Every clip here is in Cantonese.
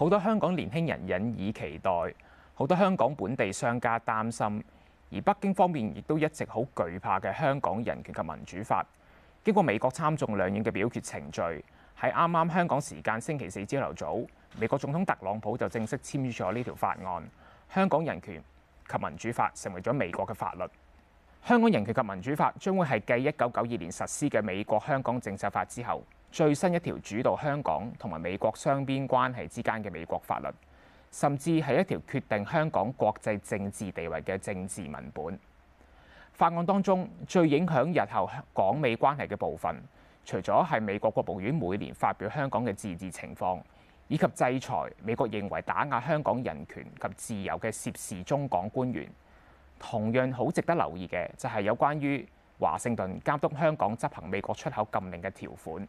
好多香港年輕人引以期待，好多香港本地商家擔心，而北京方面亦都一直好懼怕嘅香港人權及民主法，經過美國參眾兩院嘅表決程序，喺啱啱香港時間星期四朝頭早，美國總統特朗普就正式簽署咗呢條法案，香港人權及民主法成為咗美國嘅法律。香港人權及民主法將會係繼一九九二年實施嘅美國香港政策法之後，最新一條主導香港同埋美國雙邊關係之間嘅美國法律，甚至係一條決定香港國際政治地位嘅政治文本。法案當中最影響日後港美關係嘅部分，除咗係美國國務院每年發表香港嘅自治情況，以及制裁美國認為打壓香港人權及自由嘅涉事中港官員，同樣好值得留意嘅就係有關於華盛頓監督香港執行美國出口禁令嘅條款。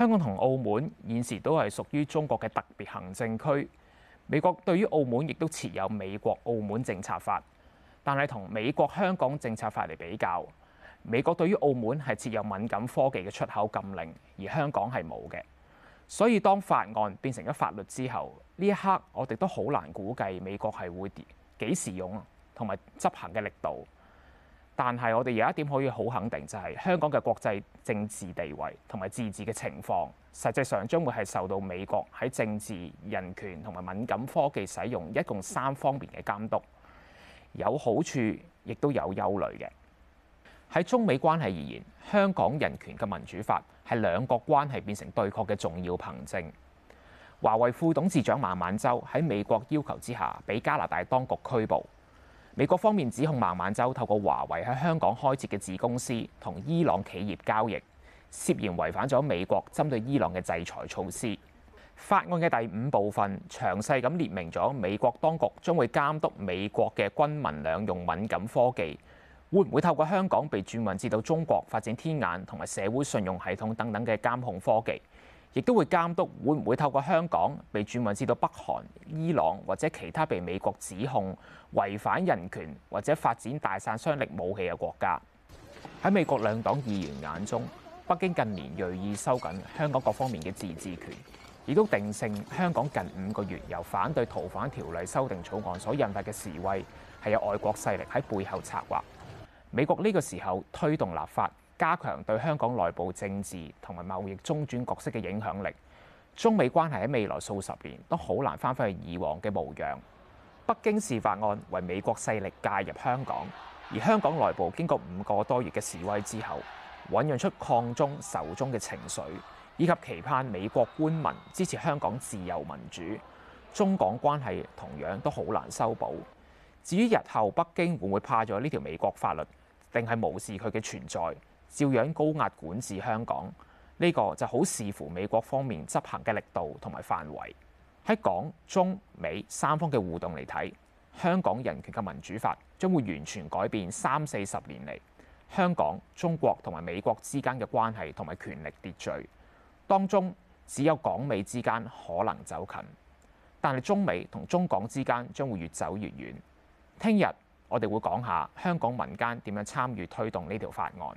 香港同澳門現時都係屬於中國嘅特別行政區。美國對於澳門亦都設有美國澳門政策法，但係同美國香港政策法嚟比較，美國對於澳門係設有敏感科技嘅出口禁令，而香港係冇嘅。所以當法案變成咗法律之後，呢一刻我哋都好難估計美國係會幾時用，同埋執行嘅力度。但係我哋有一點可以好肯定，就係香港嘅國際政治地位同埋自治嘅情況，實際上將會係受到美國喺政治、人權同埋敏感科技使用一共三方面嘅監督，有好處亦都有憂慮嘅。喺中美關係而言，香港人權及民主法係兩國關係變成對抗嘅重要憑證。華為副董事長孟晚舟喺美國要求之下，被加拿大當局拘捕。美國方面指控孟晚舟透過華為喺香港開設嘅子公司，同伊朗企業交易，涉嫌違反咗美國針對伊朗嘅制裁措施。法案嘅第五部分詳細咁列明咗，美國當局將會監督美國嘅軍民兩用敏感科技，會唔會透過香港被轉運至到中國發展天眼同埋社會信用系統等等嘅監控科技。亦都會監督會唔會透過香港被轉運至到北韓、伊朗或者其他被美國指控違反人權或者發展大殺傷力武器嘅國家。喺美國兩黨議員眼中，北京近年鋭意收緊香港各方面嘅自治權，亦都定性香港近五個月由反對逃犯條例修訂草案所引發嘅示威係由外國勢力喺背後策劃。美國呢個時候推動立法，加強對香港內部政治同埋貿易中轉角色嘅影響力，中美關係喺未來數十年都好難翻返去以往嘅模樣。北京視法案為美國勢力介入香港，而香港內部經過五個多月嘅示威之後，醖釀出抗中仇中嘅情緒，以及期盼美國官民支持香港自由民主。中港關係同樣都好難修補。至於日後北京會唔會怕咗呢條美國法律，定係無視佢嘅存在？照樣高壓管治香港，呢個就好視乎美國方面執行嘅力度同埋範圍。喺港、中、美三方嘅互動嚟睇，香港人權嘅民主法將會完全改變三四十年嚟香港、中國同埋美國之間嘅關係同埋權力秩序。當中只有港美之間可能走近，但係中美同中港之間將會越走越遠。聽日我哋會講下香港民間點樣參與推動呢條法案。